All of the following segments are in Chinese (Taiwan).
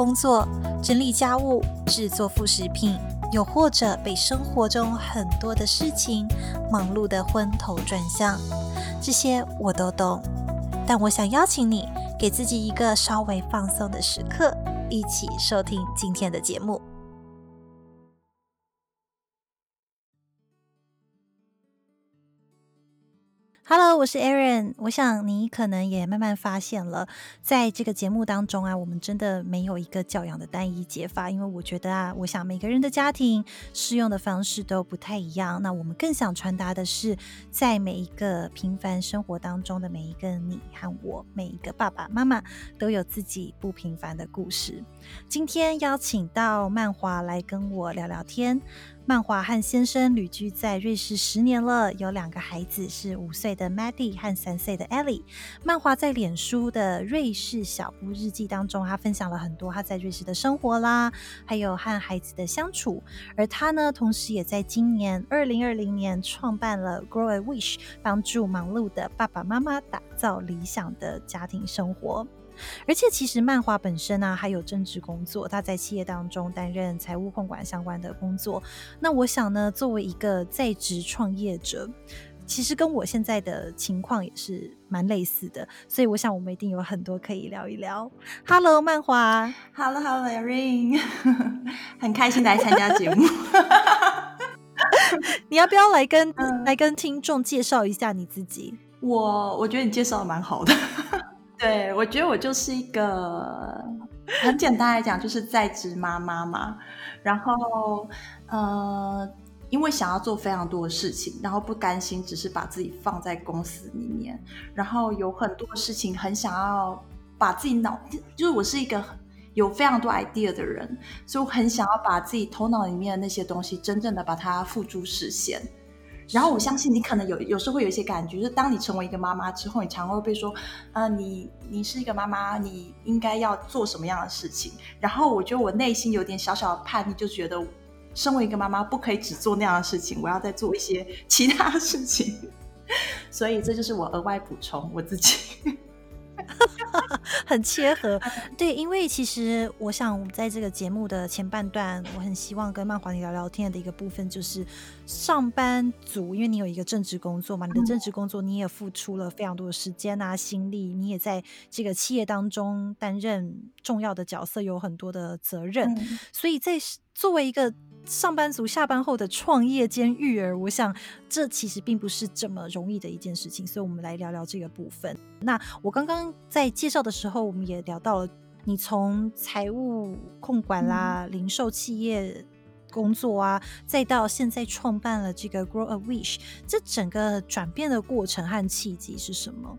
工作、整理家務、製作副食品，又或者被生活中很多的事情忙碌得昏頭轉向，這些我都懂。但我想邀請你，給自己一個稍微放鬆的時刻，一起收聽今天的節目。Hello，我是 Erin。我想你可能也慢慢發現了，在這個節目當中啊，我們真的沒有一個教養的單一解法，因為我覺得啊，我想每個人的家庭適用的方式都不太一樣。那我們更想傳達的是，在每一個平凡生活當中的每一個你和我，每一個爸爸媽媽，都有自己不平凡的故事。今天邀請到曼華來跟我聊聊天。曼華和先生旅居在瑞士十年了，有兩個孩子，是五歲的 Maddie 和三歲的 Ellie。曼華在臉書的瑞士小屋日記當中，他分享了很多他在瑞士的生活啦，還有和孩子的相處。而他呢，同時也在今年二零二零年創辦了 Grow a Wish，幫助忙碌的爸爸媽媽打造理想的家庭生活。而且，其實曼華本身啊，還有正職工作，她在企業當中擔任財務控管相關的工作。那我想呢，作為一個在職創業者，其實跟我現在的情況也是蠻類似的。所以，我想我們一定有很多可以聊一聊。Hello，曼華，Hello，Hello，Erin， 很開心來參加節目。 你要不要來跟、uh, 來跟聽眾介紹一下你自己？我我覺得你介紹的蠻好的。 對，我覺得我就是一個很簡單來講，就是在職媽媽嘛。然後，呃，因為想要做非常多的事情，然後不甘心只是把自己放在公司裡面，然後有很多事情很想要把自己腦，就是我是一個有非常多 idea 的人，所以我很想要把自己頭腦裡面的那些東西，真正的把它付諸實現。然後我相信你可能有，有時候會有一些感覺，就是當你成為一個媽媽之後，你常常會被說，啊、呃，你你是一個媽媽，你應該要做什麼樣的事情？然後我覺得我內心有點小小的叛逆，就覺得身為一個媽媽不可以只做那樣的事情，我要再做一些其他的事情。所以這就是我額外補充我自己。 很切合，對，因為其實我想在這個節目的前半段，我很希望跟曼華你聊聊天的一個部分，就是上班族，因為你有一個正職工作嘛，你的正職工作你也付出了非常多的時間啊、嗯、心力，你也在這個企業當中擔任重要的角色，有很多的責任，嗯、所以在作為一個。上班族下班後的創業兼育兒，我想這其實並不是這麼容易的一件事情，所以，我們來聊聊這個部分。那我剛剛在介紹的時候，我們也聊到了你從財務控管啦、嗯、零售企業工作啊，再到現在創辦了這個 Grow a Wish，這整個轉變的過程和契機是什麼？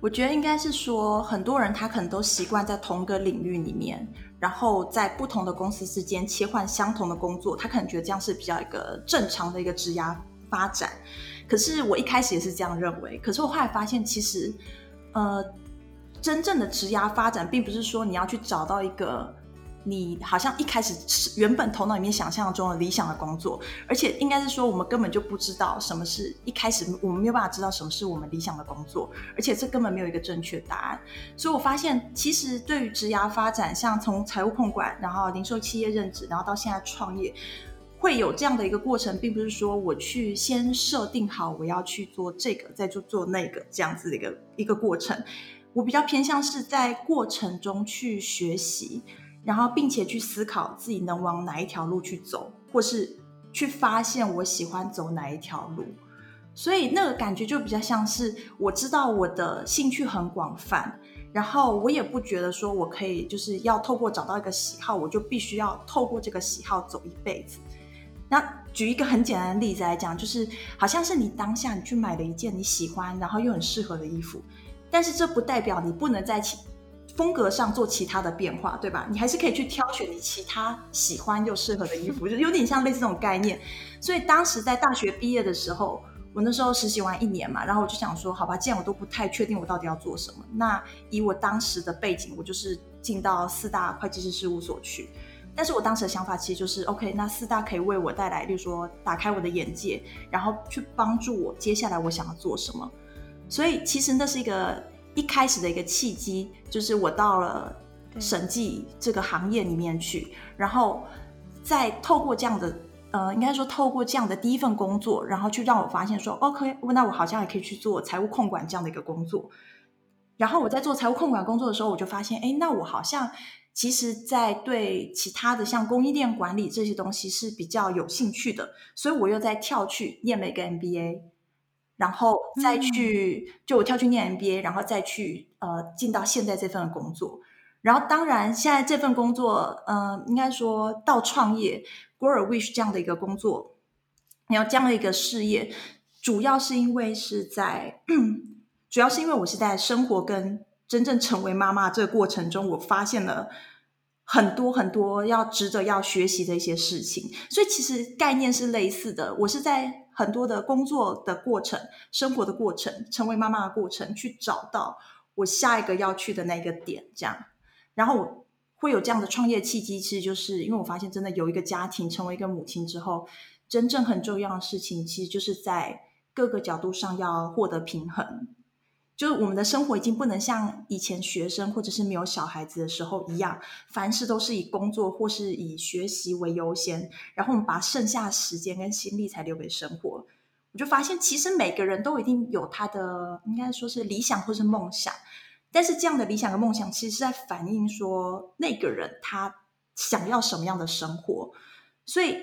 我覺得應該是說，很多人他可能都習慣在同一個領域裡面。然後在不同的公司之間切換相同的工作，他可能覺得這樣是比較一個正常的一個職涯發展。可是我一開始也是這樣認為，可是我後來發現，其實，呃，真正的職涯發展並不是說你要去找到一個。你好像一開始是原本頭腦裡面想象中的理想的工作，而且應該是說我們根本就不知道什麼是，一開始我們沒有辦法知道什麼是我們理想的工作，而且這根本沒有一個正確答案，所以我發現，其實對於職涯發展，像從財務控管，然後零售企業任職，然後到現在創業，會有這樣的一個過程，並不是說我去先設定好我要去做這個，再就做那個這樣子的一個一個過程。我比較偏向是在過程中去學習，然後，並且去思考自己能往哪一條路去走，或是去發現我喜歡走哪一條路。所以那個感覺就比較像是我知道我的興趣很廣泛，然後我也不覺得說我可以就是要透過找到一個喜好，我就必須要透過這個喜好走一輩子。那舉一個很簡單的例子來講，就是好像是你當下你去買了一件你喜歡，然後又很適合的衣服，但是這不代表你不能再風格上做其他的變化，對吧？你還是可以去挑選你其他喜歡又適合的衣服，就有點像類似這種概念。所以當時在大學畢業的時候，我那時候實習完一年嘛，然後我就想說，好吧，既然我都不太確定我到底要做什麼，那以我當時的背景，我就是進到四大會計師事務所去。但是我當時的想法其實就是，OK，那四大可以為我帶來，比如說打開我的眼界，然後去幫助我接下來我想要做什麼。所以其實那是一個。一開始的一個契機就是我到了審計這個行業裡面去，然後再透過這樣的，呃，應該說透過這樣的第一份工作，然後去讓我發現說，OK，哦，那我好像也可以去做財務控管這樣的一個工作。然後我在做財務控管工作的時候，我就發現，哎，那我好像其實在對其他的像供應鏈管理這些東西是比較有興趣的，所以我又再跳去念了一個 MBA。然後再去，嗯、就我跳去念 MBA，然後再去呃進到現在這份工作。然後當然現在這份工作，嗯、呃，應該說到創業 Grow A Wish 這樣的一個工作，然後這樣的一個事業，主要是因為是在，主要是因為我是在生活跟真正成為媽媽這個過程中，我發現了。很多很多要值得要學習的一些事情，所以其實概念是類似的。我是在很多的工作的過程、生活的過程、成為媽媽的過程，去找到我下一個要去的那個點，這樣，然後我會有這樣的創業契機。其實就是因為我發現，真的有一個家庭，成為一個母親之後，真正很重要的事情，其實就是在各個角度上要獲得平衡。就是我們的生活已經不能像以前學生或者是沒有小孩子的時候一樣，凡事都是以工作或是以學習為優先，然後我們把剩下的時間跟心力才留給生活。我就發現，其實每個人都一定有他的，應該說是理想或是夢想，但是這樣的理想跟夢想其實是在反映說那個人他想要什麼樣的生活，所以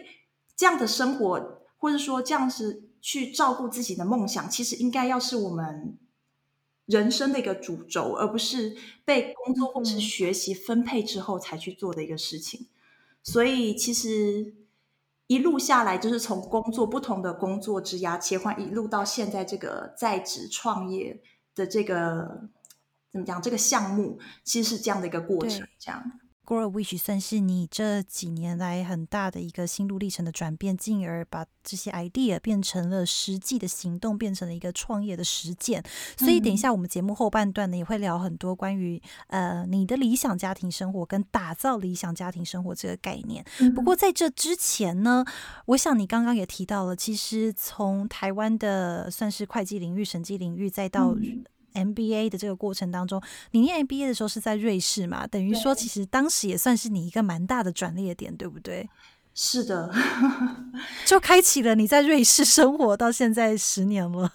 這樣的生活或者說這樣子去照顧自己的夢想，其實應該要是我們。人生的一個主軸，而不是被工作或者是學習分配之後才去做的一個事情。嗯，所以其實一路下來，就是從工作不同的工作職涯切換，一路到現在這個在職創業的這個怎麼講？這個項目其實是這樣的一個過程，這樣。g r 算是你這幾年來很大的一個心路歷程的轉變，進而把這些 idea 變成了實際的行動，變成了一個創業的實踐。所以，等一下我們節目後半段呢，也會聊很多關於呃你的理想家庭生活跟打造理想家庭生活這個概念。不過在這之前呢，我想你剛剛也提到了，其實從台灣的算是會計領域、審計領域，再到、嗯 MBA 的這個過程當中，你念 MBA 的時候是在瑞士嘛？等於說，其實當時也算是你一個蠻大的轉捩點對，對不對？是的， 就開啟了你在瑞士生活到現在十年了，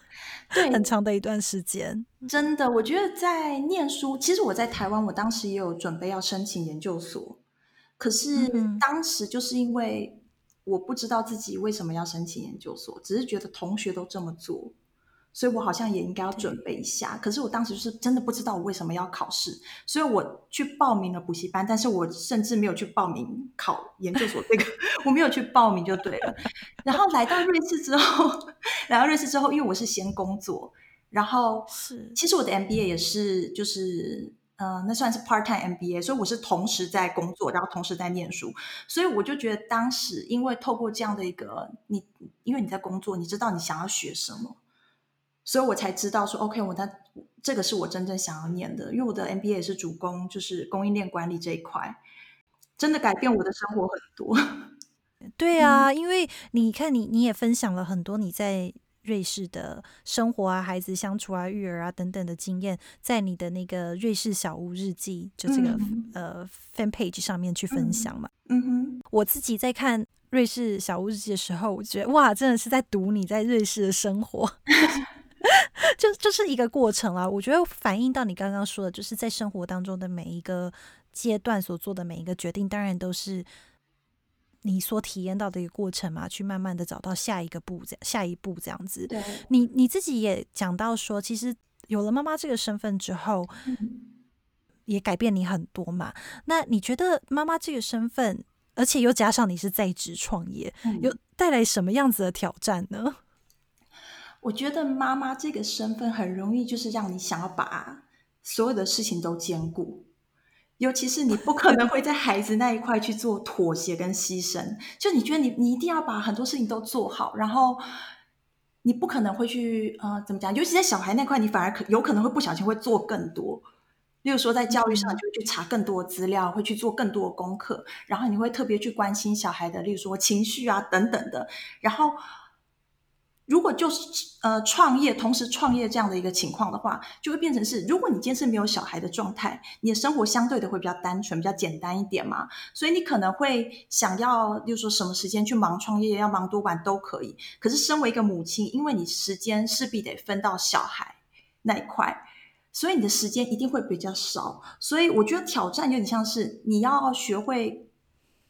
對，很長的一段時間。真的，我覺得在念書，其實我在臺灣，我當時也有準備要申請研究所，可是當時就是因為我不知道自己為什麼要申請研究所，只是覺得同學都這麼做。所以我好像也應該要準備一下，嗯、可是我當時是真的不知道我為什麼要考試，所以我去報名了補習班，但是我甚至沒有去報名考研究所這個， 我沒有去報名就對了。 然後來到瑞士之後，來到瑞士之後，因為我是先工作，然後是其實我的 MBA 也是、嗯、就是呃，那算是 part time MBA，所以我是同時在工作，然後同時在念書，所以我就覺得當時因為透過這樣的一個你，因為你在工作，你知道你想要學什麼。所以我才知道說，OK，我的這個是我真正想要念的。因為我的 MBA 是主攻就是供應鏈管理這一塊，真的改變我的生活很多。對啊，因為你看你你也分享了很多你在瑞士的生活啊、孩子相處啊、育兒啊等等的經驗，在你的那個瑞士小屋日記就這個呃、mm-hmm. uh, fan page 上面去分享嘛。嗯哼，我自己在看瑞士小屋日記的時候，我覺得哇，真的是在讀你在瑞士的生活。 就就是一個過程啊，我覺得反映到你剛剛說的，就是在生活當中的每一個階段所做的每一個決定，當然都是你所體驗到的一個過程嘛，去慢慢的找到下一個步，下一步這樣子。對。你你自己也講到說，其實有了媽媽這個身份之後、嗯，也改變你很多嘛。那你覺得媽媽這個身份，而且又加上你是在職創業，嗯、有帶來什麼樣子的挑戰呢？我覺得媽媽這個身份，很容易就是讓你想要把所有的事情都兼顧，尤其是你不可能會在孩子那一塊去做妥協跟犧牲，就你覺得你你一定要把很多事情都做好，然後你不可能會去呃怎麼講，尤其在小孩那塊，你反而可有可能會不小心會做更多，例如說在教育上就會去查更多資料，嗯，會去做更多的功課，然後你會特別去關心小孩的，例如說情緒啊等等的，然後。如果就是呃創業，同時創業這樣的一個情況的話，就會變成是，如果你今天是沒有小孩的狀態，你的生活相對的會比較單純，比較簡單一點嘛，所以你可能會想要，就是說什麼時間去忙創業，要忙多晚都可以。可是身為一個母親，因為你時間勢必得分到小孩那一塊，所以你的時間一定會比較少。所以我覺得挑戰有點像是你要學會。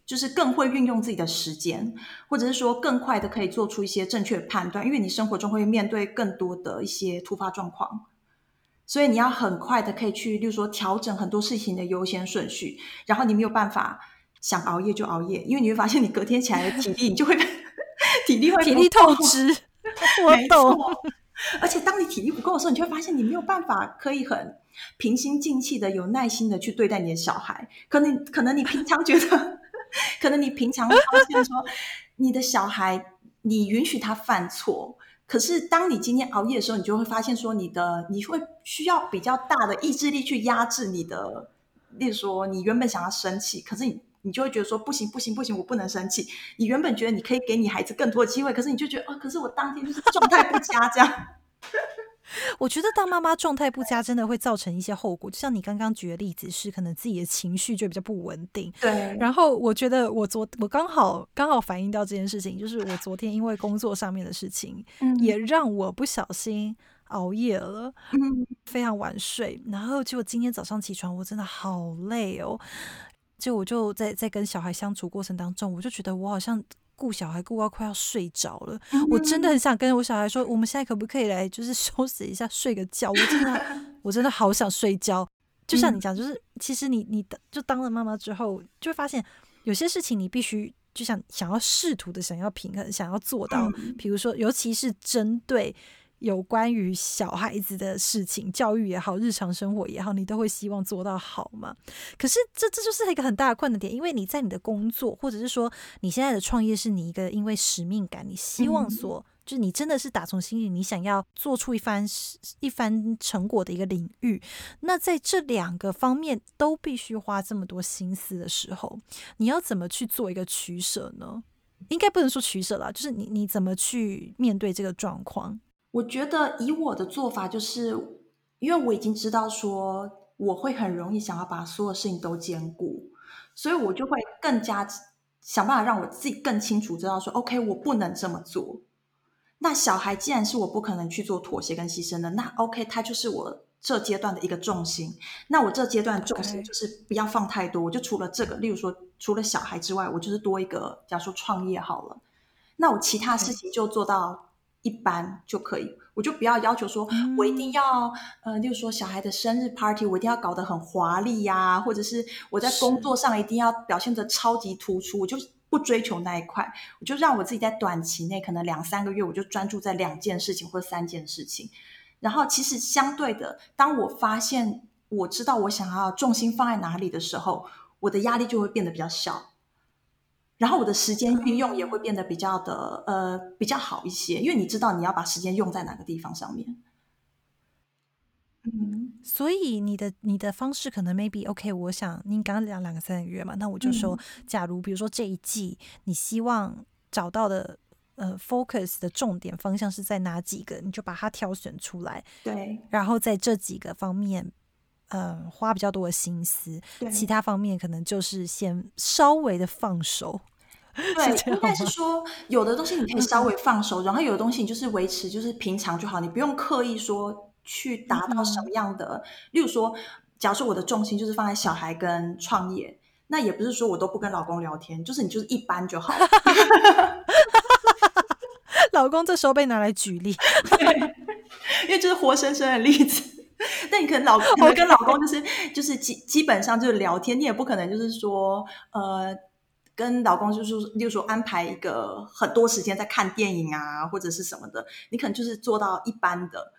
就是更會運用自己的時間，或者是說更快的可以做出一些正確的判斷，因為你生活中會面對更多的一些突發狀況，所以你要很快的可以去，例如說調整很多事情的優先順序。然後你沒有辦法想熬夜就熬夜，因為你會發現你隔天起來的體力，你就會 體力會不夠，體力透支，我 懂沒錯 而且當你體力不夠的時候，你就會發現你沒有辦法可以很平心靜氣的、有耐心的去對待你的小孩。可能可能你平常覺得。 可能你平常會發現說，你的小孩，你允許他犯錯，可是當你今天熬夜的時候，你就會發現說，你的你會需要比較大的意志力去壓制你的，例如說，你原本想要生氣，可是你你就會覺得說，不行不行不行，我不能生氣。你原本覺得你可以給你孩子更多的機會，可是你就覺得，哦，可是我當天就是狀態不佳這樣。 我覺得當媽媽狀態不佳，真的會造成一些後果。就像你剛剛舉的例子，是可能自己的情緒就比較不穩定。對。然後我覺得我昨、我剛好，剛好反映到這件事情，就是我昨天因為工作上面的事情，嗯，也讓我不小心熬夜了，嗯，非常晚睡。然後結果今天早上起床，我真的好累哦。就我就在在跟小孩相處過程當中，我就覺得我好像。顧小孩顧到快要睡着了。嗯，我真的很想跟我小孩說，我們現在可不可以來就是休息一下睡個覺？我真的 我真的好想睡覺。就像你講，就是其實你你就當了媽媽之後，就會發現有些事情你必須就想想要試圖的想要平衡，想要做到，嗯。比如說尤其是針對。有關於小孩子的事情，教育也好，日常生活也好，你都會希望做到好嗎？可是這這就是一個很大的困難點，因為你在你的工作，或者是說你現在的創業，是你一個因為使命感，你希望所、嗯、就是你真的是打從心裡，你想要做出一番一番成果的一個領域。那在這兩個方面都必須花這麼多心思的時候，你要怎麼去做一個取捨呢？應該不能說取捨啦，就是你你怎麼去面對這個狀況？我覺得以我的做法，就是因為我已經知道說我會很容易想要把所有事情都兼顧，所以我就會更加想辦法讓我自己更清楚知道說，OK，我不能這麼做。那小孩既然是我不可能去做妥協跟犧牲的，那 OK，他就是我這階段的一個重心。那我這階段重心就是不要放太多，我就除了這個，例如說除了小孩之外，我就是多一個，假如說創業好了，那我其他事情就做到。Okay. 一般就可以，我就不要要求說，我一定要，呃，例如說小孩的生日 party，我一定要搞得很華麗呀，啊，或者是我在工作上一定要表現得超級突出，我就不追求那一塊，我就讓我自己在短期內可能兩三個月，我就專注在兩件事情或三件事情，然後其實相對的，當我發現我知道我想要重心放在哪裡的時候，我的壓力就會變得比較小。然後我的時間運用也會變得比較的、嗯，呃，比較好一些，因為你知道你要把時間用在哪個地方上面。嗯，所以你的你的方式可能 maybe OK。我想您剛剛講兩個三個月嘛，那我就說，嗯、假如比如說這一季你希望找到的，呃，focus 的重點方向是在哪幾個，你就把它挑選出來。對，然後在這幾個方面。嗯，花比較多的心思，其他方面可能就是先稍微的放手。對，應該是說有的東西你可以稍微放手，嗯，然後有的東西你就是維持，就是平常就好，你不用刻意說去達到什麼樣的。嗯，例如說，假如說我的重心就是放在小孩跟創業，那也不是說我都不跟老公聊天，就是你就是一般就好。 老公這時候被拿來舉例，因為這是活生生的例子。那你可能老公可能跟老公就是、okay. 就是基基本上就是聊天，你也不可能就是說呃跟老公就是就說安排一個很多時間在看電影啊或者是什麼的，你可能就是做到一般的，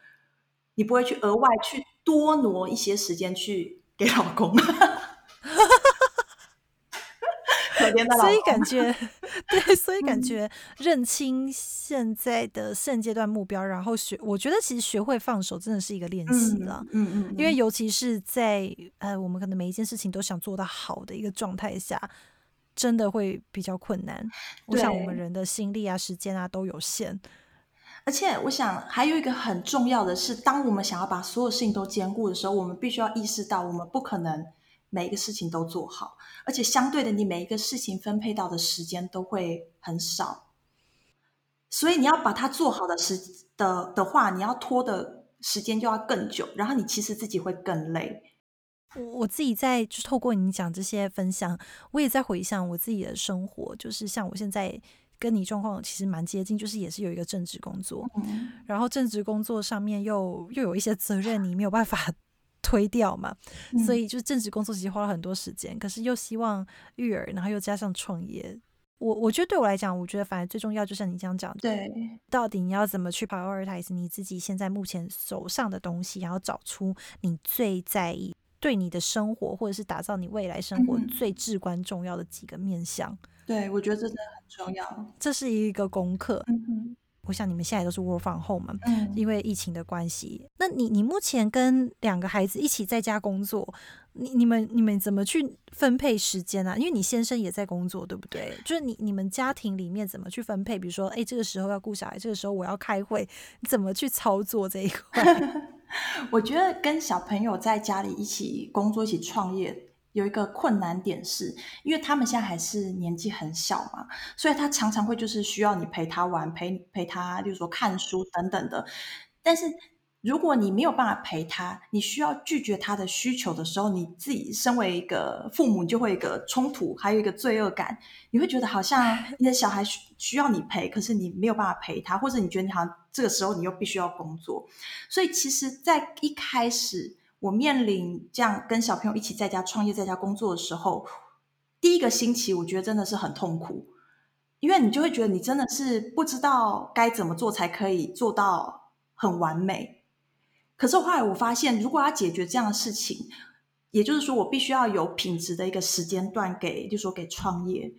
你不會去額外去多挪一些時間去給老公。 所以感覺，對，所以感覺認清現在的現階段目標，然後學，我覺得其實學會放手，真的是一個練習了。嗯嗯，嗯。因為尤其是在呃，我們可能每一件事情都想做到好的一個狀態下，真的會比較困難。對。我想我們人的心力啊、時間啊都有限，而且我想還有一個很重要的是，當我們想要把所有事情都兼顧的時候，我們必須要意識到，我們不可能。每一個事情都做好，而且相對的，你每一個事情分配到的時間都會很少，所以你要把它做好的時的的話，你要拖的時間就要更久，然後你其實自己會更累。我我自己在就透過你講這些分享，我也在回想我自己的生活，就是像我現在跟你狀況其實蠻接近，就是也是有一個正職工作，嗯，然後正職工作上面又又有一些責任，你沒有辦法。推掉嘛，所以就是正職工作其實花了很多時間，嗯，可是又希望育兒，然後又加上創業，我我覺得對我來講，我覺得反而最重要，就像你這樣講，對，到底你要怎麼去 prioritize 你自己現在目前手上的東西，然後找出你最在意，對你的生活或者是打造你未來生活最至關重要的幾個面向。對，我覺得這真的很重要，這是一個功課。嗯哼我想你們現在都是 work from home 嘛，嗯，因為疫情的關係。那你你目前跟兩個孩子一起在家工作，你你們你們怎麼去分配時間啊？因為你先生也在工作，對不對？對，就是你你們家庭裡面怎麼去分配？比如說，誒、欸，這個時候要顧小孩，這個時候我要開會，怎麼去操作這一塊？ 我覺得跟小朋友在家裡一起工作、一起創業。有一個困難點是，因為他們現在還是年紀很小嘛，所以他常常會就是需要你陪他玩，陪陪他，就是說看書等等的。但是如果你沒有辦法陪他，你需要拒絕他的需求的時候，你自己身為一個父母就會有一個衝突，還有一個罪惡感，你會覺得好像你的小孩需需要你陪，可是你沒有辦法陪他，或者你覺得你好像這個時候你又必須要工作，所以其實，在一開始，我面臨這樣跟小朋友一起在家創業、在家工作的時候，第一個星期我覺得真的是很痛苦，因為你就會覺得你真的是不知道該怎麼做才可以做到很完美。可是後來我發現，如果要解決這樣的事情，也就是說我必須要有品質的一個時間段給，就說給創業、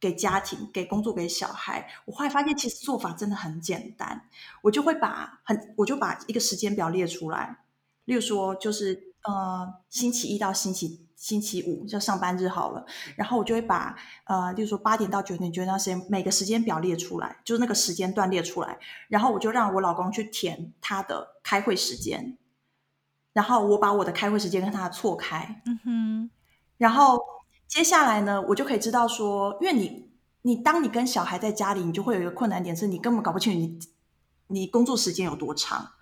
給家庭、給工作、給小孩。我後來發現，其實做法真的很簡單，我就會把很我就把一個時間表列出來。例如說，就是呃，星期一到星期星期五就上班日好了。然後我就會把呃，例如說八點到九點這那時間，每個時間表列出來，就是那個時間段列出來。然後我就讓我老公去填他的開會時間，然後我把我的開會時間跟他錯開。嗯哼。然後接下來呢，我就可以知道說，因為你你當你跟小孩在家裡，你就會有一個困難點，是你根本搞不清楚你你工作時間有多長。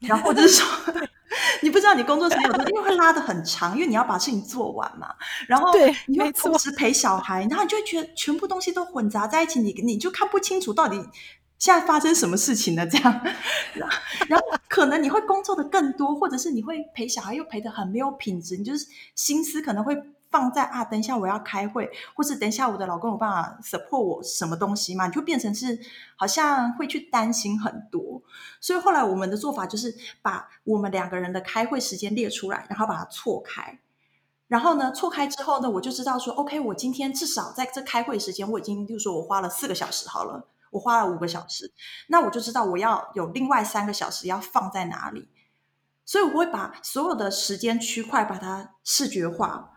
然後就是說， 對 你不知道你工作時間有多長，因為會拉得很長，因為你要把事情做完嘛。然後你會同時陪小孩，然後你就會覺得全部東西都混雜在一起，你你就看不清楚到底現在發生什麼事情了。這樣， 然後可能你會工作的更多，或者是你會陪小孩又陪的很沒有品質，你就是心思可能會。放在啊，等一下我要開會，或是等一下我的老公有辦法 support 我什麼東西嘛？你就變成是好像會去擔心很多，所以後來我們的做法就是把我們兩個人的開會時間列出來，然後把它錯開。然後呢，錯開之後呢，我就知道說，OK，我今天至少在這開會時間，我已經就是說我花了四個小時好了，我花了五個小時，那我就知道我要有另外三個小時要放在哪裡。所以我會把所有的時間區塊把它視覺化。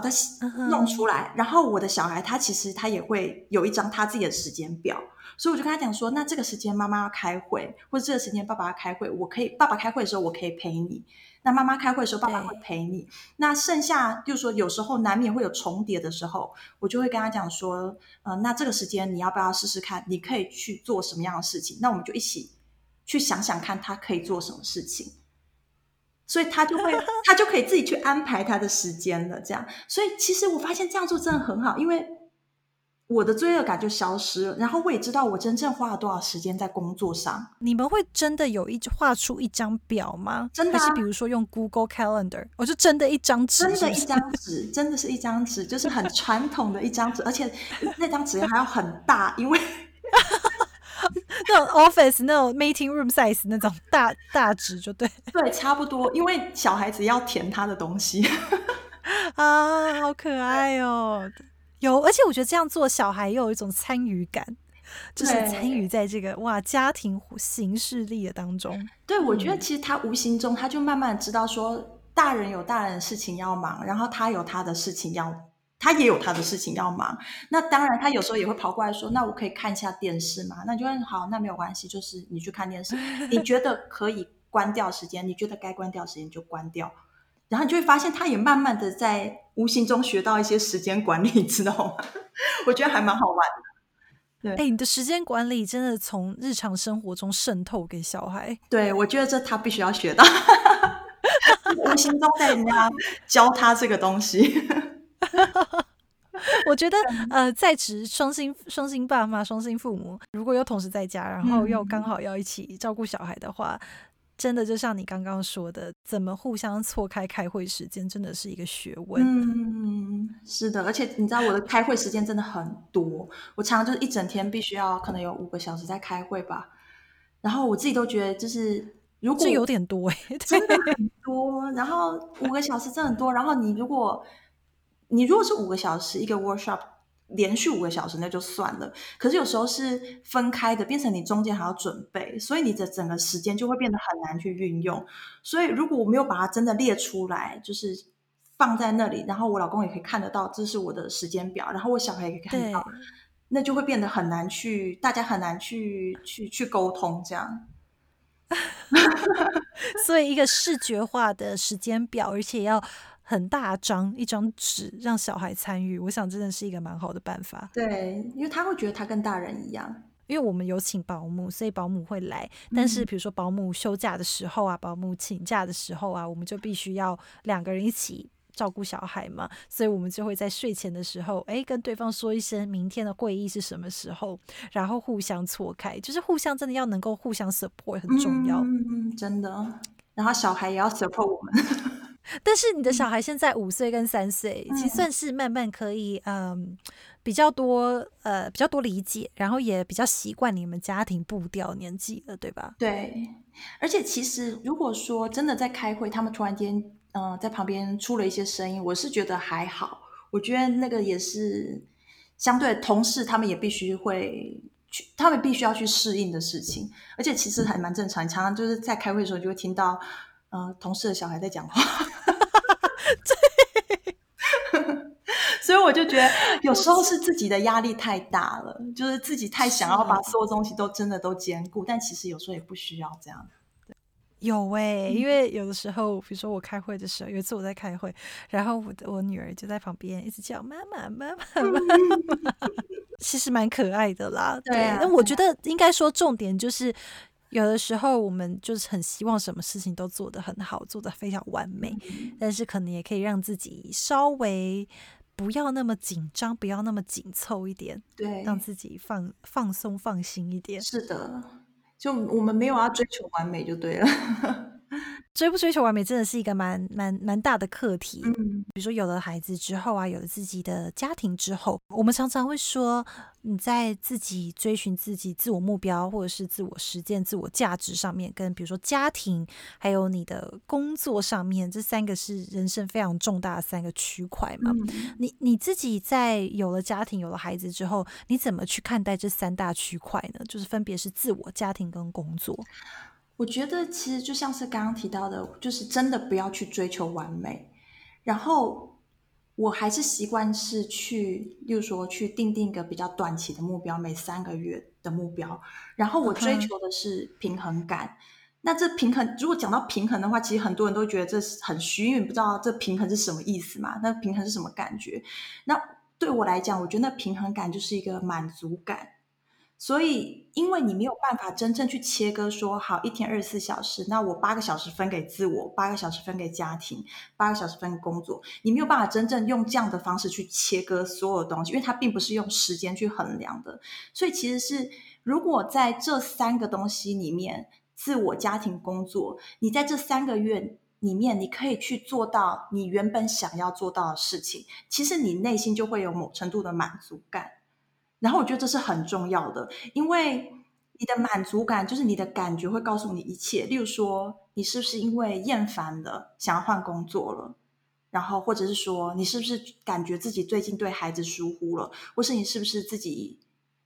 把它弄出來、嗯，然後我的小孩他其實他也會有一張他自己的時間表，所以我就跟他講說，那這個時間媽媽要開會，或者這個時間爸爸要開會，我可以爸爸開會的時候我可以陪你，那媽媽開會的時候爸爸會陪你，那剩下就是說有時候難免會有重疊的時候，我就會跟他講說，呃，那這個時間你要不要試試看，你可以去做什麼樣的事情，那我們就一起去想想看他可以做什麼事情。所以他就會，他就可以自己去安排他的時間了這樣。所以其實我發現這樣做真的很好，因為我的罪惡感就消失了。然後我也知道我真正花了多少時間在工作上。你們會真的有一，畫出一張表嗎？真的？啊，還是比如說用 Google Calendar，我、哦、是真的一張紙是是，真的一張紙，真的是一張紙，就是很傳統的一張紙，而且那張紙還要很大，因為。 那種 office 那種 meeting room size 那種大大紙就對，對，差不多，因為小孩子要填他的東西 啊，好可愛哦、喔，有，而且我覺得這樣做，小孩有一種參與感，就是參與在這個哇家庭行事曆的當中。對，我覺得其實他無形中、嗯、他就慢慢知道說，大人有大人的事情要忙，然後他有他的事情要。他也有他的事情要忙，那當然，他有時候也會跑過來說：“那我可以看一下電視嗎？”那就好，那沒有關係，就是你去看電視。你覺得可以關掉時間，你覺得該關掉時間就關掉。然後你就會發現，他也慢慢的在無形中學到一些時間管理，你知道嗎？我覺得還蠻好玩的。對，哎、欸，你的時間管理真的從日常生活中滲透給小孩。對，我覺得這他必須要學到， 無形中在人家教他這個東西。我覺得、嗯，呃，在職雙薪雙薪爸媽雙薪父母，如果又同時在家，然後又剛好要一起照顧小孩的話、嗯，真的就像你剛剛說的，怎麼互相錯開開會時間，真的是一個學問。嗯，是的，而且你知道我的開會時間真的很多，我常常就是一整天必須要可能有五個小時在開會吧，然後我自己都覺得就是，如果這有點多，真的很多，多、欸，然後五個小時真的很多，然後你如果。你如果是五個小時一個 workshop，連續五個小時那就算了。可是有時候是分開的，變成你中間還要準備，所以你的整個時間就會變得很難去運用。所以如果我沒有把它真的列出來，就是放在那裡，然後我老公也可以看得到這是我的時間表，然後我小孩也可以看到，那就會變得很難去，大家很難去去去溝通這樣。 所以一個視覺化的時間表，而且要。很大張一張紙，讓小孩參與，我想真的是一個蠻好的辦法。對，因為他會覺得他跟大人一樣。因為我們有請保姆，所以保姆會來。嗯、但是比如說保姆休假的時候啊，保姆請假的時候啊，我們就必須要兩個人一起照顧小孩嘛。所以我們就會在睡前的時候，哎、欸，跟對方說一聲明天的會議是什麼時候，然後互相錯開，就是互相真的要能夠互相 support 很重要，嗯真的。然後小孩也要 support 我們。但是你的小孩現在五歲跟三歲，嗯，其實算是慢慢可以嗯比較多呃比較多理解，然後也比較習慣你們家庭步調年紀了，對吧？對，而且其實如果說真的在開會，他們突然間嗯、呃、在旁邊出了一些聲音，我是覺得還好，我覺得那個也是相對同事他們也必須會去，他們必須要去適應的事情，而且其實還蠻正常，常常就是在開會的時候就會聽到，呃、嗯，同事的小孩在講話，對， 所以我就覺得有時候是自己的壓力太大了，就是自己太想要把所有東西都真的都兼顧，但其實有時候也不需要這樣。有哎、欸，因為有的時候，比如說我開會的時候，有一次我在開會，然後我的我女兒就在旁邊一直叫媽媽媽媽媽，其實蠻可愛的啦。對、啊，那我覺得應該說重點就是。有的時候，我們就是很希望什麼事情都做得很好，做得非常完美，嗯、但是可能也可以讓自己稍微不要那麼緊張，不要那麼緊湊一點，對，讓自己放放鬆、放心一點。是的，就我們沒有要追求完美就對了。 追不追求完美，真的是一個蠻蠻蠻、蠻大的課題。嗯。比如說有了孩子之後啊，有了自己的家庭之後，我們常常會說，你在自己追尋自己自我目標，或者是自我實踐、自我價值上面，跟比如說家庭還有你的工作上面，這三個是人生非常重大的三個區塊嘛。嗯。你你自己在有了家庭、有了孩子之後，你怎麼去看待這三大區塊呢？就是分別是自我、家庭跟工作。我覺得其實就像是剛剛提到的，就是真的不要去追求完美。然後我還是習慣是去，例如說去定定一個比較短期的目標，每三個月的目標。然後我追求的是平衡感。嗯。那這平衡，如果講到平衡的話，其實很多人都覺得這是很虛，因為不知道這平衡是什麼意思嘛。那平衡是什麼感覺？那對我來講，我覺得那平衡感就是一個滿足感。所以，因為你沒有辦法真正去切割說，說好一天二十四小時，那我八個小時分給自我，八個小時分給家庭，八個小時分給工作，你沒有辦法真正用這樣的方式去切割所有東西，因為它並不是用時間去衡量的。所以，其實是如果在這三個東西裡面——自我、家庭、工作，你在這三個月裡面，你可以去做到你原本想要做到的事情，其實你內心就會有某程度的滿足感。然後我覺得這是很重要的，因為你的滿足感就是你的感覺會告訴你一切。例如說，你是不是因為厭煩了想要換工作了？然後，或者是說，你是不是感覺自己最近對孩子疏忽了，或是你是不是自己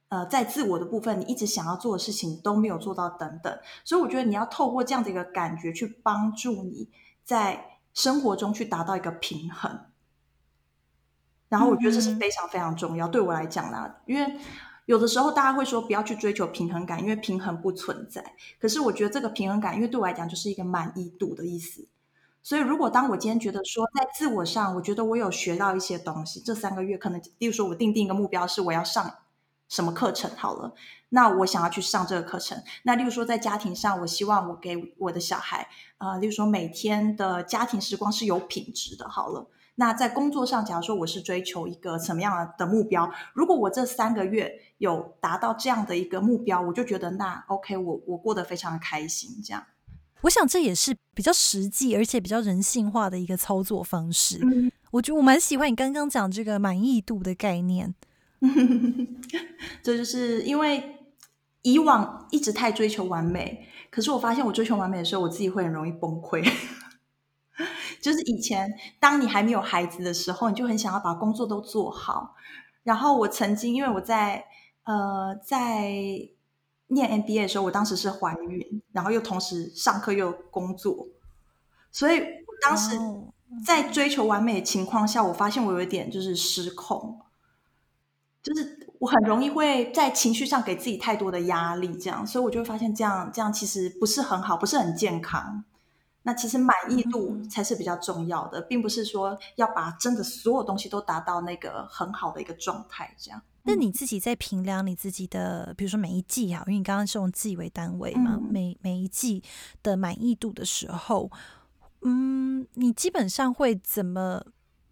呃在自我的部分，你一直想要做的事情都沒有做到，等等。所以我覺得你要透過這樣的一個感覺去幫助你在生活中去達到一個平衡。然後我覺得這是非常非常重要，對我來講啦，因為有的時候大家會說不要去追求平衡感，因為平衡不存在。可是我覺得這個平衡感，因為對我來講就是一個滿意度的意思。所以如果當我今天覺得說在自我上，我覺得我有學到一些東西，這三個月可能，例如說我訂定一個目標是我要上什麼課程好了，那我想要去上這個課程。那例如說在家庭上，我希望我給我的小孩，呃，例如說每天的家庭時光是有品質的，好了。那在工作上，假如說我是追求一個什麼樣的目標？如果我這三個月有達到這樣的一個目標，我就覺得那 OK，我我過得非常開心。這樣，我想這也是比較實際而且比較人性化的一個操作方式。嗯，我覺得我蠻喜歡你剛剛講這個滿意度的概念。 這就是因為以往一直太追求完美，可是我發現我追求完美的時候，我自己會很容易崩潰。就是以前，當你還沒有孩子的時候，你就很想要把工作都做好。然後我曾經，因為我在呃在念 MBA 的時候，我當時是懷孕，然後又同時上課又工作，所以當時在追求完美的情況下，我發現我有一點就是失控，就是我很容易會在情緒上給自己太多的壓力，這樣，所以我就會發現這樣這樣其實不是很好，不是很健康。那其實滿意度才是比較重要的、嗯，並不是說要把真的所有東西都達到那個很好的一個狀態。這樣，那你自己在評量你自己的，比如說每一季哈，因為你剛剛是用季為單位嘛，嗯、每每一季的滿意度的時候，嗯，你基本上會怎麼？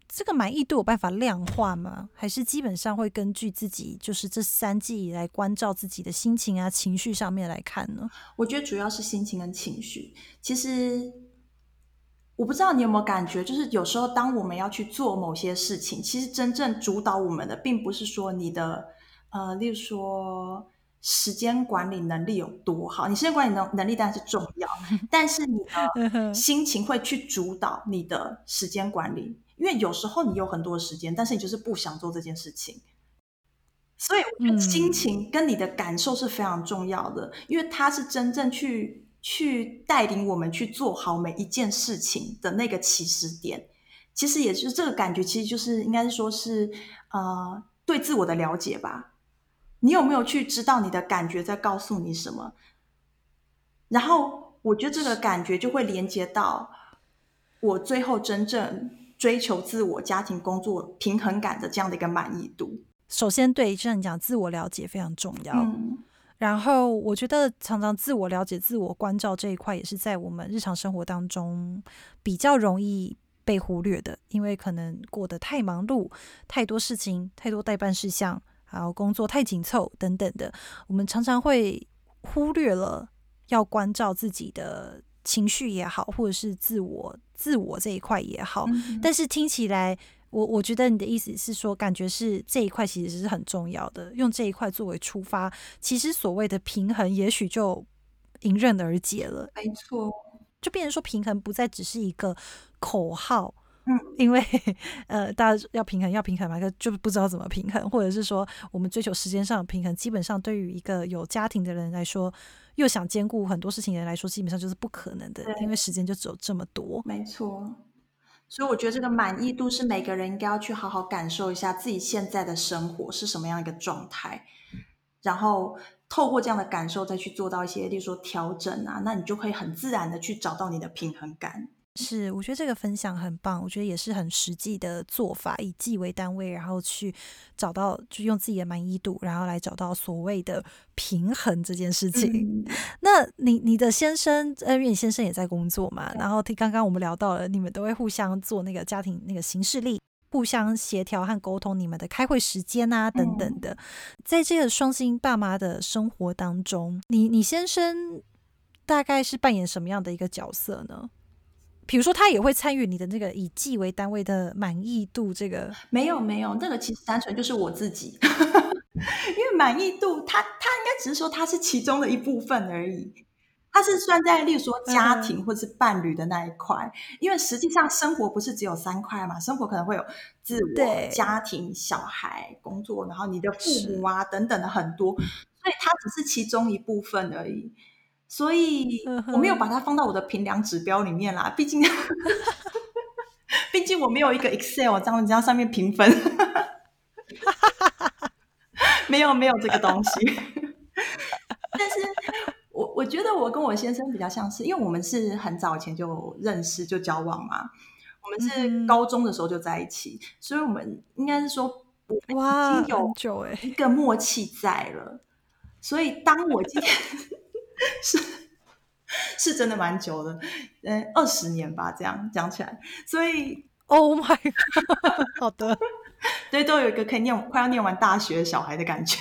這個滿意度有辦法量化嗎？還是基本上會根據自己就是這三季來關照自己的心情啊、情緒上面來看呢？我覺得主要是心情跟情緒，其實。我不知道你有沒有感覺，就是有時候當我們要去做某些事情，其實真正主導我們的，並不是說你的，呃，例如說時間管理能力有多好，你時間管理能能力當然是重要， 但是你的心情會去主導你的時間管理，因為有時候你有很多時間，但是你就是不想做這件事情，所以、嗯、心情跟你的感受是非常重要的，因為它是真正去。去帶領我們去做好每一件事情的那個起始點，其實也是這個感覺，其實就是應該是說是，呃，對自我的了解吧。你有沒有去知道你的感覺在告訴你什麼？然後我覺得這個感覺就會連接到我最後真正追求自我、家庭、工作平衡感的這樣的一個滿意度。首先，對，像你講自我了解非常重要。嗯然後，我覺得常常自我了解、自我關照這一塊，也是在我們日常生活當中比較容易被忽略的。因為可能過得太忙碌，太多事情，太多待辦事項，還有工作太緊湊等等的，我們常常會忽略了要關照自己的情緒也好，或者是自我、自我這一塊也好。嗯、但是聽起來。我我覺得你的意思是說，感覺是這一塊其實是很重要的，用這一塊作為出發，其實所謂的平衡也許就迎刃而解了。沒錯，就變成說平衡不再只是一個口號。嗯，因為呃，大家要平衡要平衡嘛，就不知道怎麼平衡，或者是說我們追求時間上的平衡，基本上對於一個有家庭的人來說，又想兼顧很多事情的人來說，基本上就是不可能的，嗯。因為時間就只有這麼多。沒錯。所以我覺得這個滿意度是每個人應該要去好好感受一下自己現在的生活是什麼樣一個狀態，然後透過這樣的感受再去做到一些，例如說調整啊，那你就可以很自然的去找到你的平衡感。是，我覺得這個分享很棒，我覺得也是很實際的做法，以季為單位，然後去找到，就用自己的滿意度，然後來找到所謂的平衡這件事情。那你你的先生，呃，因為你先生也在工作嘛，然後剛剛我們聊到了，你們都會互相做那個家庭那個行事曆，互相協調和溝通你們的開會時間啊等等的。在這個雙薪爸媽的生活當中，你你先生大概是扮演什麼樣的一個角色呢？比如說，他也會參與你的那個以季為單位的滿意度這個？沒有沒有，那個其實單純就是我自己， 因為滿意度，他他應該只是說他是其中的一部分而已，他是算在，例如說家庭或是伴侶的那一塊，嗯，因為實際上生活不是只有三塊嘛，生活可能會有自我、對、家庭、小孩、工作，然後你的父母啊、嗯、等等的很多，所以他只是其中一部分而已。所以我沒有把它放到我的評量指標裡面啦，嗯、畢竟， 畢竟我沒有一個 Excel 這樣子在上面評分， 沒有沒有這個東西。 但是，我我覺得我跟我先生比較相似，因為我們是很早以前就認識就交往嘛，我們是高中的時候就在一起，嗯、所以我們應該是說，哇，已經有一個默契在了。欸、所以當我今天。 是，是真的蠻久的，嗯，二十年吧，這樣講起來。所以，Oh my God，好的， 對，都有一個可以念快要念完大學小孩的感覺。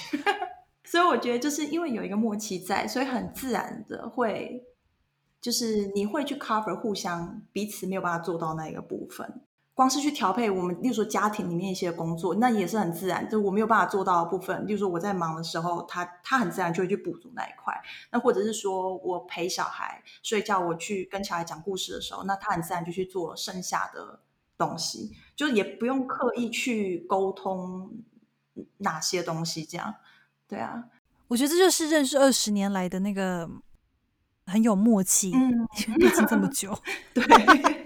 所以我覺得就是因為有一個默契在，所以很自然的會，就是你會去 cover 互相彼此沒有辦法做到那一個部分。光是去調配我們，例如說家庭裡面一些工作，那也是很自然，就我沒有辦法做到的部分。例如說我在忙的時候，他他很自然就會去補足那一塊。那或者是說我陪小孩睡覺，我去跟小孩講故事的時候，那他很自然就去做剩下的東西，就是也不用刻意去溝通哪些東西，這樣。對啊，我覺得這就是認識二十年來的那個很有默契，嗯、畢竟這麼久。 對。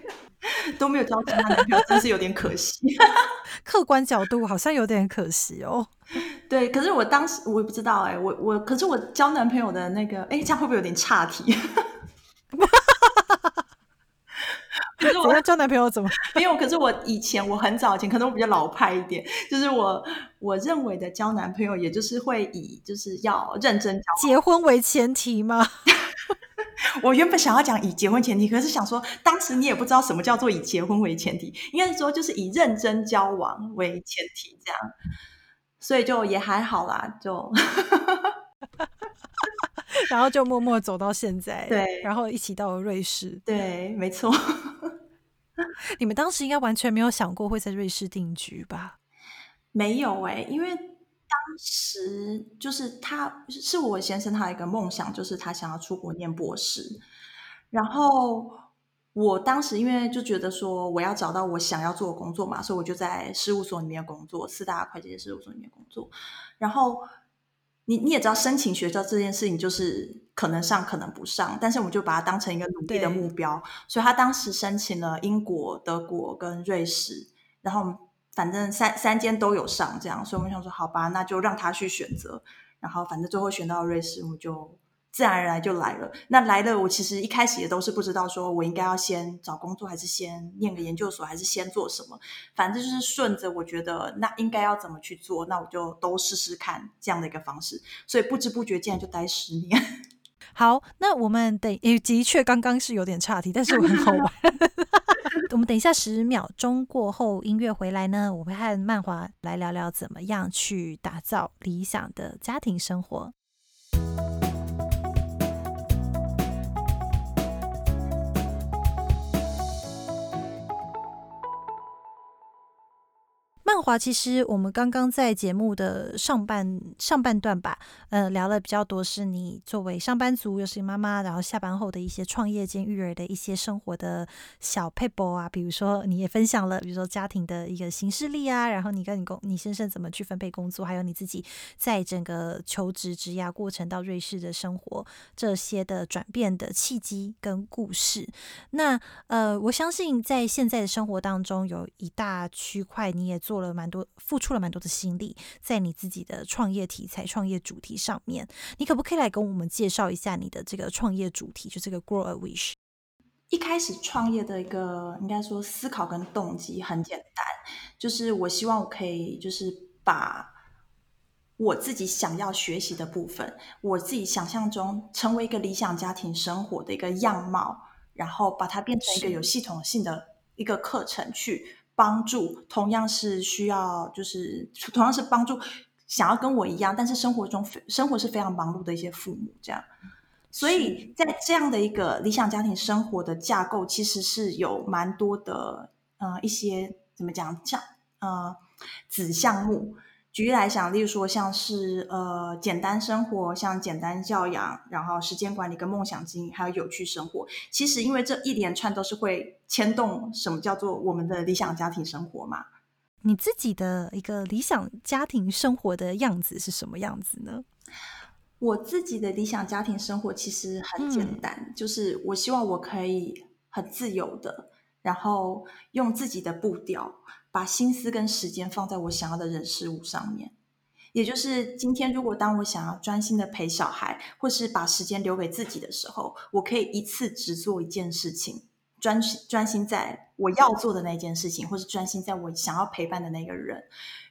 都沒有交其他男朋友， 真是有點可惜。 客觀角度好像有點可惜哦。 對，可是我當時我也不知道哎、欸，我我可是我交男朋友的那個，哎、欸，這樣會不會有點岔題？可 是我交男朋友怎麼 沒有？可是我以前我很早以前，可能我比較老派一點，就是我我認為的交男朋友，也就是會以就是要認真交結婚為前提嗎？ 我原本想要講以結婚前提，可是想說當時你也不知道什麼叫做以結婚為前提，應該是說就是以認真交往為前提這樣，所以就也還好啦，就， 然後就默默走到現在，對，然後一起到了瑞士，對，對沒錯。 你們當時應該完全沒有想過會在瑞士定居吧？沒有哎、欸，因為。當時就是他是我先生，他有一個夢想，就是他想要出國念博士。然後我當時因為就覺得說我要找到我想要做的工作嘛，所以我就在事務所裡面的工作，四大會計事務所裡面工作。然後你你也知道，申請學校這件事情就是可能上可能不上，但是我們就把它當成一個努力的目標。所以他當時申請了英國、德國跟瑞士，然後。反正三三間都有上這樣，所以我想說，好吧，那就讓他去選擇。然後反正最後選到瑞士，我們就自然而然就來了。那來了，我其實一開始也都是不知道，說我應該要先找工作，還是先念個研究所，還是先做什麼。反正就是順着我覺得那應該要怎麼去做，那我就都試試看這樣的一個方式。所以不知不覺，竟然就待十年。好，那我們等也的確剛剛是有點岔題，但是我很好玩。 我們等一下，十秒鐘過後音樂回來呢，我會和曼華來聊聊怎麼樣去打造理想的家庭生活。漫畫，其實，我們剛剛在節目的上半上半段吧，呃，聊了比較多是你作為上班族又是媽媽，然後下班後的一些創業兼育兒的一些生活的小 p e p e l e 啊，比如說你也分享了，比如說家庭的一個形事力啊，然後你跟你公你先生怎麼去分配工作，還有你自己在整個求職、職涯過程到瑞士的生活這些的轉變的契機跟故事。那呃，我相信在現在的生活當中，有一大區塊你也。做了蠻多，付出了蠻多的心力，在你自己的創業題材、創業主題上面，你可不可以來跟我們介紹一下你的這個創業主題？就這個 Grow a Wish。一開始創業的一個，應該說思考跟動機很簡單，就是我希望我可以，就是把我自己想要學習的部分，我自己想象中成為一個理想家庭生活的一個樣貌，然後把它變成一個有系統性的一個課程去。幫助同樣是需要，就是同樣是幫助，想要跟我一樣，但是生活中生活是非常忙碌的一些父母，這樣，所以在這樣的一個理想家庭生活的架構，其實是有蠻多的，嗯、呃，一些怎麼講，像嗯、呃、子項目。舉例來講，例如說像是呃簡單生活，像簡單教養，然後時間管理跟夢想經營，還有有趣生活。其實因為這一連串都是會牽動什麼叫做我們的理想家庭生活嘛。你自己的一個理想家庭生活的樣子是什麼樣子呢？我自己的理想家庭生活其實很簡單，嗯。就是我希望我可以很自由的，然後用自己的步調。把心思跟時間放在我想要的人事物上面，也就是今天，如果當我想要專心的陪小孩，或是把時間留給自己的時候，我可以一次只做一件事情。專專心在我要做的那件事情，或是專心在我想要陪伴的那個人，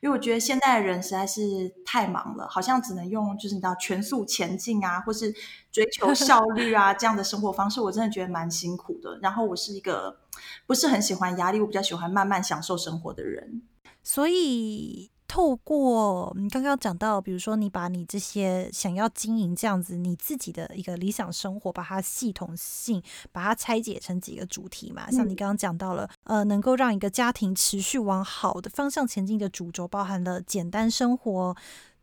因為我覺得現在的人實在是太忙了，好像只能用就是你知道全速前進啊，或是追求效率啊 這樣的生活方式，我真的覺得蠻辛苦的。然後我是一個不是很喜歡壓力，我比較喜歡慢慢享受生活的人，所以。透過你剛剛講到，比如說你把你這些想要經營這樣子你自己的一個理想生活，把它系統性把它拆解成幾個主題嘛，像你剛剛講到了，呃，能夠讓一個家庭持續往好的方向前進的主軸，包含了簡單生活、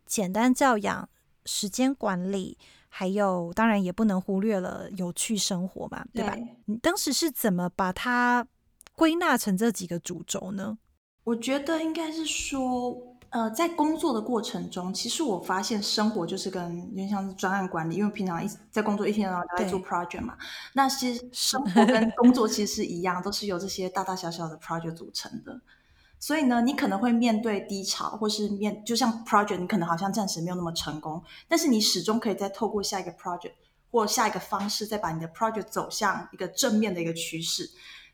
簡單教養、時間管理，還有當然也不能忽略了有趣生活嘛，對吧？你當時是怎麼把它歸納成這幾個主軸呢？我覺得應該是說。呃，在工作的過程中，其實我發現生活就是跟，因為像是專案管理，因為平常一在工作一天然後在做 project 嘛，那其實生活跟工作其實是一樣， 都是由這些大大小小的 project 組成的。所以呢，你可能會面對低潮，或是面就像 project，你可能好像暫時沒有那麼成功，但是你始終可以再透過下一個 project 或下一個方式，再把你的 project 走向一個正面的一個趨勢。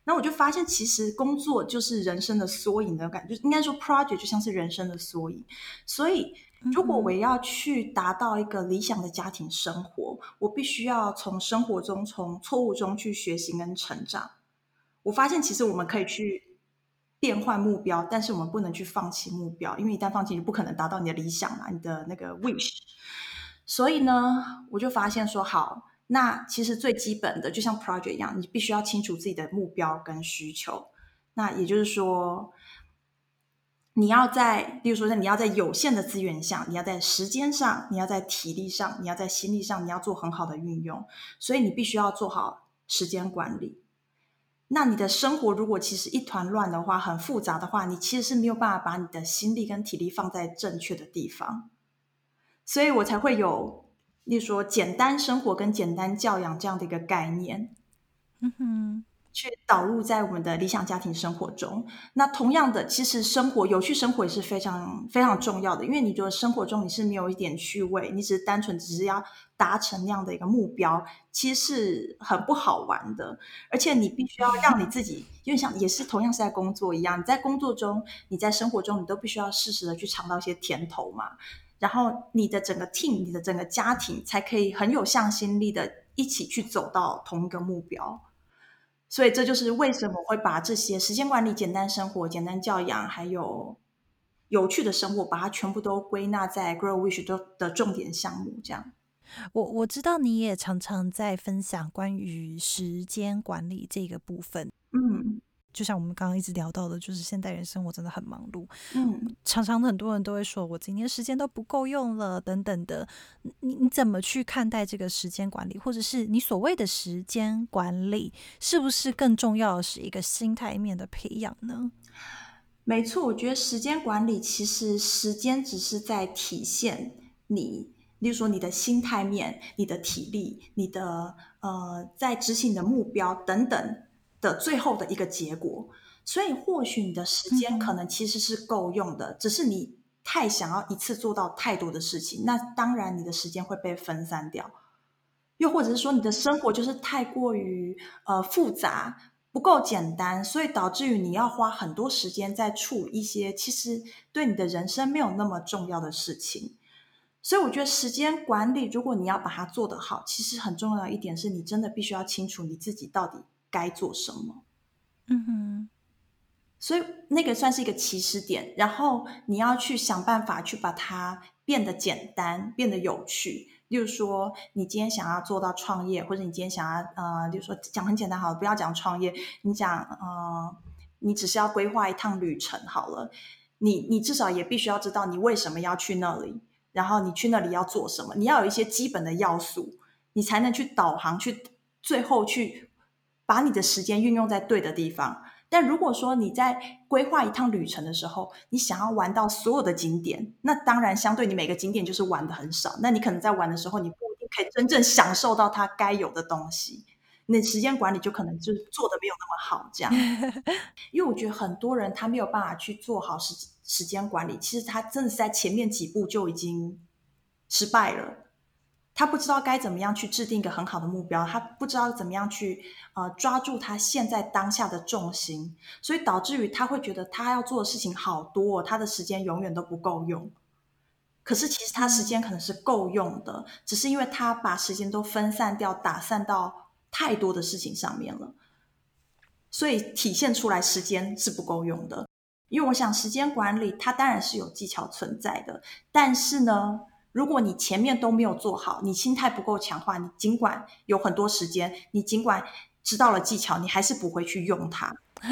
那我就發現，其實工作就是人生的縮影的感覺，應該說 project 就像是人生的縮影。所以，如果我要去達到一個理想的家庭生活，嗯嗯我必須要從生活中、從錯誤中去學習跟成長。我發現，其實我們可以去變換目標，但是我們不能去放棄目標，因為一旦放棄，你就不可能達到你的理想嘛、啊，你的那個 wish。所以呢，我就發現說好。那其實最基本的，就像 project 一樣，你必須要清楚自己的目標跟需求。那也就是說，你要在，例如說，你要在有限的資源下，你要在時間上，你要在體力上，你要在心力上，你要做很好的運用。所以你必須要做好時間管理。那你的生活如果其實一團亂的話，很複雜的話，你其實是沒有辦法把你的心力跟體力放在正確的地方。所以我才會有。例如說簡單生活跟簡單教養，這樣的一個概念，嗯哼，去導入在我們的理想家庭生活中。那同樣的，其實生活有趣，生活也是非常非常重要的。因為你覺得生活中你是沒有一點趣味，你只是單純只是要達成那樣的一個目標，其實是很不好玩的。而且你必須要讓你自己，因為像也是同樣是在工作一樣，你在工作中，你在生活中，你都必須要適時的去嘗到一些甜頭嘛。然後你的整個 team，你的整個家庭才可以很有向心力的一起去走到同一個目標，所以這就是為什麼會把這些時間管理、簡單生活、簡單教養，還有有趣的生活，把它全部都歸納在 Grow Wish 的的重點項目。這樣，我我知道你也常常在分享關於時間管理這個部分，嗯。就像我們剛剛一直聊到的，就是現代人生活真的很忙碌，嗯，常常很多人都會說，我今天時間都不夠用了，等等的。你你怎麼去看待這個時間管理，或者是你所謂的時間管理，是不是更重要的是一個心態面的培養呢？沒錯。我覺得時間管理其實時間只是在體現你，例如說你的心態面、你的體力、你的呃，在執行的目標等等。的最後的一個結果，所以或許你的時間可能其實是夠用的，嗯，只是你太想要一次做到太多的事情，那當然你的時間會被分散掉。又或者是說，你的生活就是太過於呃複雜，不夠簡單，所以導致於你要花很多時間在處理一些其實對你的人生沒有那麼重要的事情。所以我覺得時間管理，如果你要把它做得好，其實很重要的一點是你真的必須要清楚你自己到底，該做什麼？嗯哼，所以那個算是一個起始點，然後你要去想辦法去把它變得簡單，變得有趣。例如說，你今天想要做到創業，或者你今天想要呃，例如說講很簡單好了，不要講創業，你講呃，你只是要規劃一趟旅程好了。你你至少也必須要知道你為什麼要去那裡，然後你去那裡要做什麼，你要有一些基本的要素，你才能去導航，去最後去。把你的時間運用在對的地方，但如果說你在規劃一趟旅程的時候，你想要玩到所有的景點，那當然相對，你每個景點就是玩的很少，那你可能在玩的時候，你不一定可以真正享受到它該有的東西，那時間管理就可能就是做的沒有那麼好，這樣。 因為我覺得很多人他沒有辦法去做好時時間管理，其實他真的是在前面幾步就已經失敗了。他不知道該怎麼樣去制定一個很好的目標，他不知道怎麼樣去呃抓住他現在當下的重心，所以導致於他會覺得他要做的事情好多，他的時間永遠都不夠用。可是其實他時間可能是夠用的，只是因為他把時間都分散掉、打散到太多的事情上面了，所以體現出來時間是不夠用的。因為我想時間管理它當然是有技巧存在的，但是呢。如果你前面都沒有做好，你心態不夠強化，你儘管有很多時間，你儘管知道了技巧，你還是不會去用它。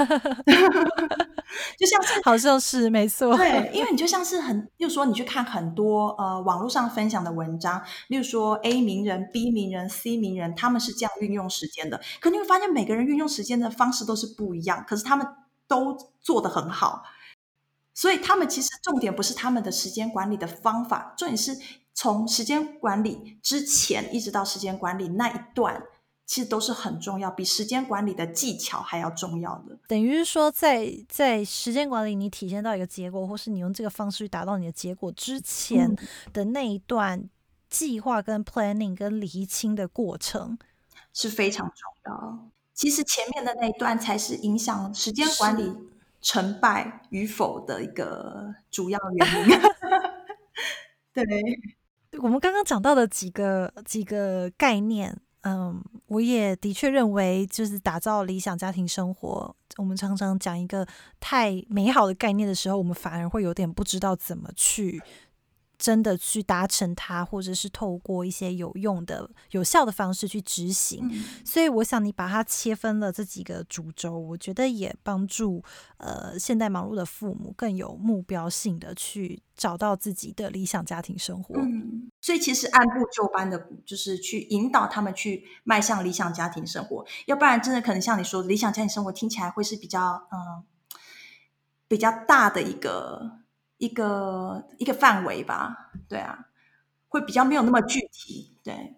就像是，好像是沒錯。對，因為你就像是很，例如說你去看很多呃網絡上分享的文章，例如說 A 名人、B 名人、C 名人，他們是這樣運用時間的。可你會發現，每個人運用時間的方式都是不一樣，可是他們都做得很好。所以他們其實重點不是他們的時間管理的方法，重點是從時間管理之前一直到時間管理那一段，其實都是很重要，比時間管理的技巧還要重要的。等於是說，在，在在時間管理你體現到一個結果，或是你用這個方式去達到你的結果之前的那一段計劃跟 planning 跟釐清的過程是非常重要。其實前面的那一段才是影響時間管理成敗與否的一個主要原因 對。 對，我們剛剛講到的幾個幾個概念，嗯，我也的確認為，就是打造理想家庭生活，我們常常講一個太美好的概念的時候，我們反而會有點不知道怎麼去。真的去達成它，或者是透過一些有用的、有效的方式去執行。嗯。所以，我想你把它切分了這幾個主軸，我覺得也幫助呃現代忙碌的父母更有目標性的去找到自己的理想家庭生活。嗯。所以，其實按部就班的，就是去引導他們去邁向理想家庭生活。要不然，真的可能像你說，理想家庭生活聽起來會是比較嗯比較大的一個。一個一個範圍吧，對啊，會比較沒有那麼具體，對。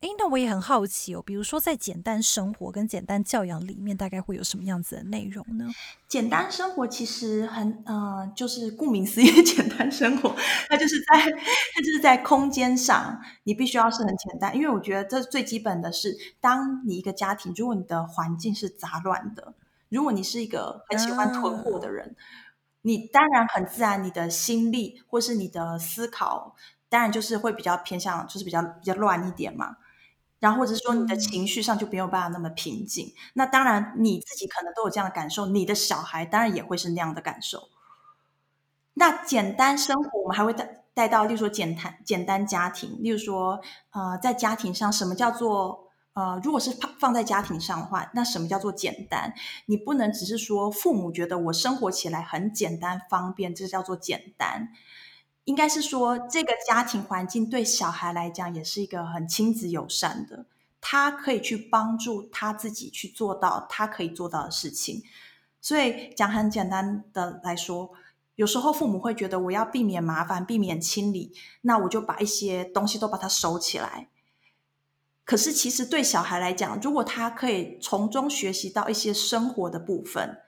哎，那我也很好奇哦，比如說在簡單生活跟簡單教養裡面，大概會有什麼樣子的內容呢？簡單生活其實很，呃，就是顧名思義，簡單生活，它就是在它就是在空間上，你必須要是很簡單，因為我覺得這最基本的是，當你一個家庭，如果你的環境是雜亂的，如果你是一個很喜歡囤貨的人。嗯你當然很自然，你的心力或是你的思考，當然就是會比較偏向，就是比較比較亂一點嘛。然後或者說你的情緒上就沒有辦法那麼平靜。那當然你自己可能都有這樣的感受，你的小孩當然也會是那樣的感受。那簡單生活，我們還會帶帶到，例如說簡單簡單家庭，例如說呃，在家庭上，什麼叫做，呃，如果是放放在家庭上的話，那什麼叫做簡單？你不能只是說父母覺得我生活起來很簡單方便，這叫做簡單。應該是說這個家庭環境對小孩來講也是一個很親子友善的，他可以去幫助他自己去做到他可以做到的事情。所以講很簡單的來說，有時候父母會覺得我要避免麻煩，避免清理，那我就把一些東西都把它收起來。可是，其實對小孩來講，如果他可以從中學習到一些生活的部分，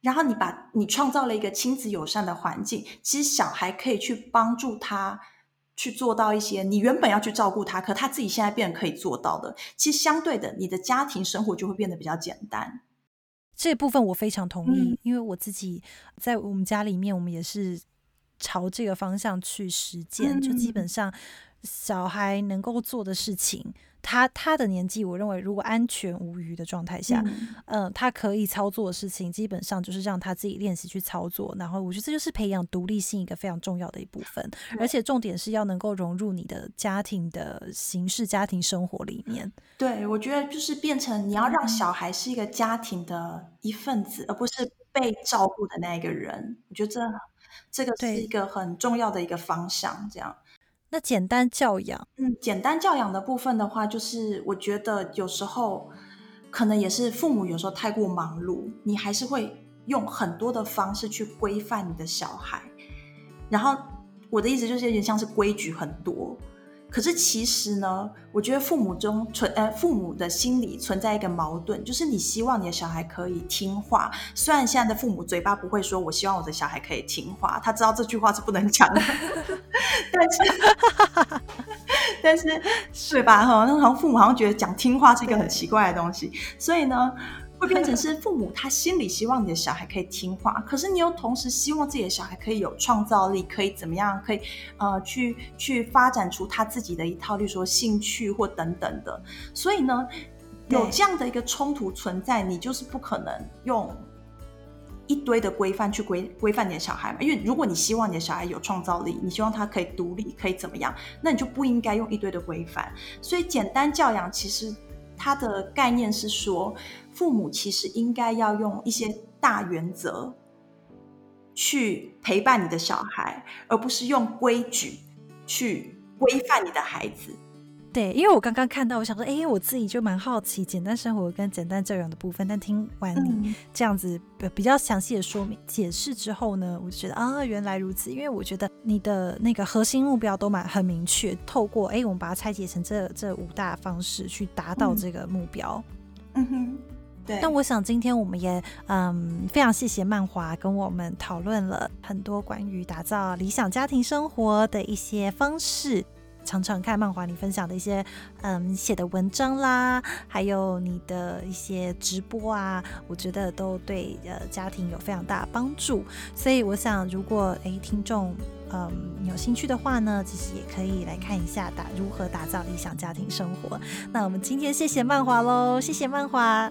然後你把你創造了一個親子友善的環境，其實小孩可以去幫助他去做到一些你原本要去照顧他，可他自己現在變得可以做到的。其實，相對的，你的家庭生活就會變得比較簡單。這部分我非常同意，嗯、因為我自己在我們家裡面，我們也是朝這個方向去實踐、嗯，就基本上。小孩能夠做的事情，他他的年紀，我認為如果安全無虞的狀態下，嗯，嗯，他可以操作的事情，基本上就是讓他自己練習去操作。然後，我覺得這就是培養獨立性一個非常重要的一部分。而且，重點是要能夠融入你的家庭的形式、家庭生活裡面。對，我覺得就是變成你要讓小孩是一個家庭的一份子，嗯，而不是被照顧的那一個人。我覺得這這個是一個很重要的一個方向。這樣。那簡單教養，嗯，簡單教養的部分的話，就是我覺得有時候可能也是父母有時候太過忙碌，你還是會用很多的方式去規範你的小孩。然後我的意思就是有點像是規矩很多。可是其實呢，我覺得父母中存呃、哎，父母的心裡存在一個矛盾，就是你希望你的小孩可以聽話。雖然現在的父母嘴巴不會說“我希望我的小孩可以聽話”，他知道這句話是不能講的， 但是 但是， 但是，是吧 對吧？哈，那好像父母好像覺得講聽話是一個很奇怪的東西，所以呢。就變成是父母他心裡希望你的小孩可以聽話，可是你又同時希望自己的小孩可以有創造力，可以怎麼樣？可以，呃，去去發展出他自己的一套，例如說興趣或等等的。所以呢，有這樣的一個衝突存在，你就是不可能用一堆的規範去規規範你的小孩嘛。因為如果你希望你的小孩有創造力，你希望他可以獨立，可以怎麼樣，那你就不應該用一堆的規範。所以簡單教養其實它的概念是說，父母其實應該要用一些大原則去陪伴你的小孩，而不是用規矩去規範你的孩子。對，因為我剛剛看到，我想說，哎、欸，我自己就蠻好奇簡單生活跟簡單教養的部分。但聽完你這樣子比較詳細的說明、嗯、解釋之後呢，我就覺得啊，原來如此。因為我覺得你的那個核心目標都蠻很明確，透過哎、欸，我們把它拆解成這這五大方式去達到這個目標。嗯，嗯哼。但我想，今天我們也嗯非常謝謝曼華跟我們討論了很多關於打造理想家庭生活的一些方式。常常看曼華，你分享的一些嗯寫的文章啦，還有你的一些直播啊，我覺得都對呃家庭有非常大的幫助。所以我想，如果誒、欸、聽眾嗯有興趣的話呢，其實也可以來看一下打如何打造理想家庭生活。那我們今天謝謝曼華嘍，謝謝曼華。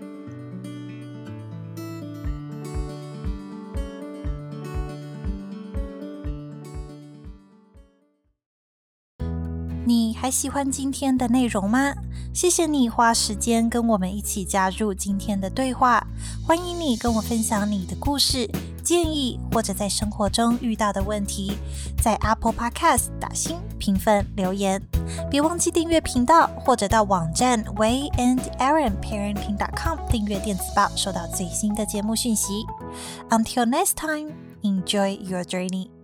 還喜歡今天的內容嗎？謝謝你花時間跟我們一起加入今天的對話。歡迎你跟我分享你的故事、建議或者在生活中遇到的問題，在 Apple Podcast 打星評分留言。別忘記訂閱頻道，或者到網站 WeiandErinParenting.com 訂閱電子報，收到最新的節目訊息。Until next time, enjoy your journey.